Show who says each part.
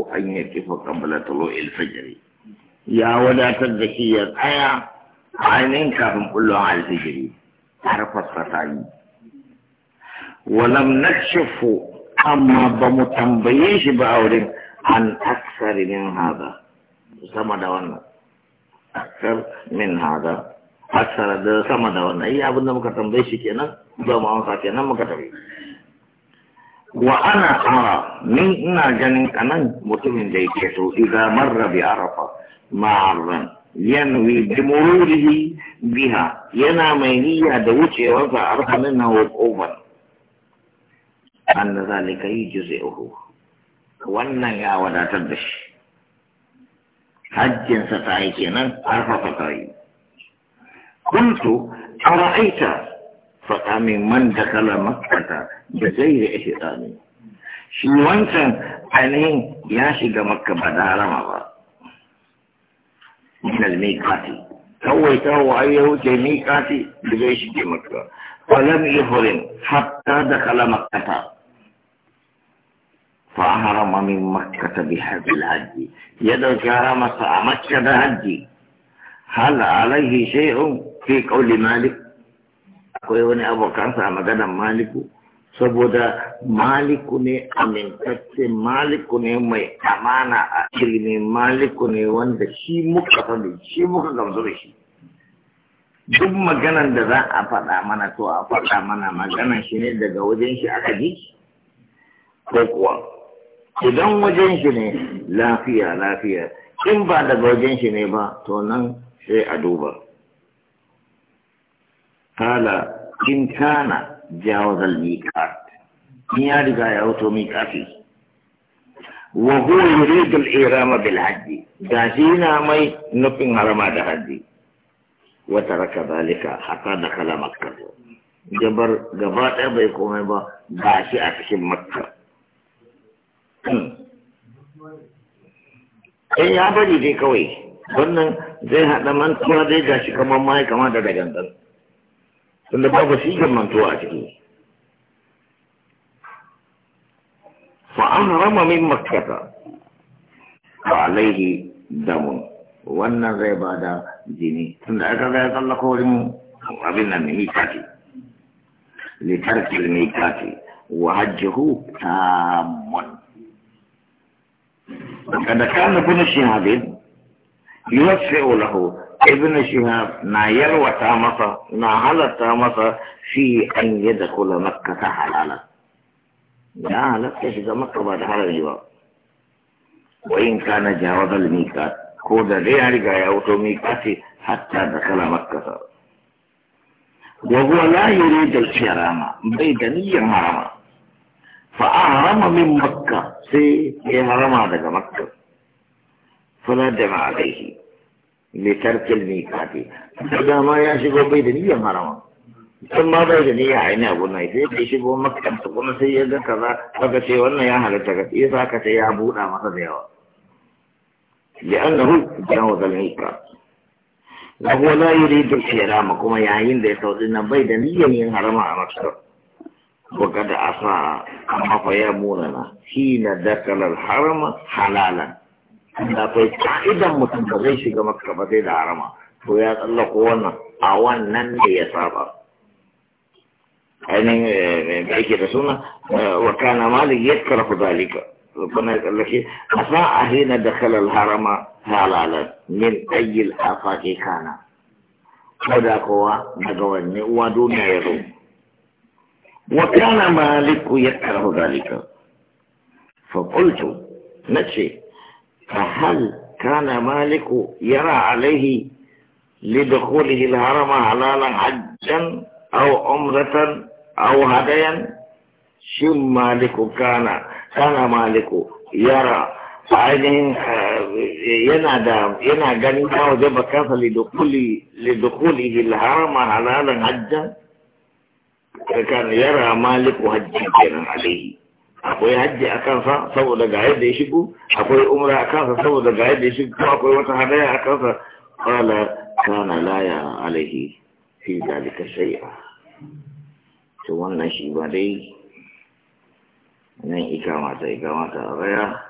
Speaker 1: Ko an yaqifa qabla tulu'il fajr ya wadatar da shi ya tsaya ainihin kafin kullum alfijiri har fasfata yi walam na nakshifu amma ba mu tambaye shi ba aurin an aksar min hada sama da wannan aksar min haza. aksar da sama da wannan iya abin da muka tambaye shi kenan ba mu amsa kenan muka tambaye wa ana ara ni ina ganin anan mutumin da yake so idan marra bi arafa ma'arran yanwi bi mururihi biha yana mai niyya da wucewar sa arhamin na wuqufan an zalika uhu wannan ya wadatar da shi hajjin ta yi kenan arfafa ta kuntu ara'aita فقامي من دخل مكة بغير إحرام شي وانسان عليه يا شيخ مكة بعد رمضان من الميقاتي هو يتهو أيه جي ميقاتي بغير شيخ مكة فلم يحرم حتى دخل مكة فأحرم من مكة بحج الحج يد الكرامة مكة الحج هل عليه شيء في قول مالك akwai wani abokansa a maganan maliku saboda maliku ne amintacce maliku ne mai amana a ilimi maliku ne wanda shi muka sani shi muka gamsu da shi duk maganan da za a faɗa mana to a faɗa mana maganan shi ne daga wajen shi aka ji ko kuwa idan wajen shi ne lafiya lafiya in ba daga wajen shi ne ba to nan sai a duba in kana jawazal miqat in ya riga ya wuto miqati wa huwa yuridu al-irama bil hajj mai nufin harama da hajji wa taraka zalika hatta kala makka jabar gaba ɗaya bai komai ba ba shi a cikin makka in hmm. eh, ya bari dai kawai wannan zai haɗa mantuwa zai gashi kamar ma ya kama da tunda babu sigar mantuwa a ciki fa an rama min makkata alaihi damun wannan zai ba da jini tunda aka ga ya tsallaka wurin abin nan ne mikati litarkil mikati wa hajjuhu tammun kada kana bin shahadin yuwaffi'u lahu ابن شهاب ما يروى مسا ما على مسا في أن يدخل مكة حلالا لا لا إذا مكة بعد حلال جوا وإن كان جاوز الميكات كودا رياري غاية أوتو ميكاتي حتى دخل مكة وهو لا يريد الحرام بيد نية حرام فأهرم من مكة سي يهرم هذا مكة فلا دم عليه mai tarkil ne ka ke da ma ya shigo bai da niyyar harawa sun ma bai da niyyar aini abu na sai ya shigo makarta kuma sai ya ganka za ka ce wannan ya halitta ga tsaye za ka ya buɗa masa da yawa da an da hulku gina wa zalin na kuma za yi rido shera ma kuma yayin da ya sauɗi na bai da niyyar yin harama a makarta buga da asa amma fa ya muna na shi na dakalar harama halalan inda akwai ka'idan mutum ba zai shiga makka ba zai da harama to ya tsallako wannan a wannan ne ya saba ainihin da yake da suna wa kana malik ya karfi zalika ربنا يقول لك أساء حين دخل الحرم حلالا من أي الآفاق كان هذا قوة نقوان ودون يروم وكان مالك يكره ذلك فقلت نتشي فهل كان مالك يرى عليه لدخوله الهرم حلالا حجا او عمرة او هديا شم مالك كان كان مالك يرى عينهم آه، ينادى ينادى ينادى وجب كاف لدخوله لدخوله الهرم حلالا حجا كان يرى مالك حجا عليه akwai hajji a kansa saboda ga yadda ya shigo akwai umra a kansa saboda ga yadda ya shigo akwai wata hadaya a kansa qala kana la ya alaihi fi zalika shay'a to wannan shi ba dai nan ikama ta ikama ta raya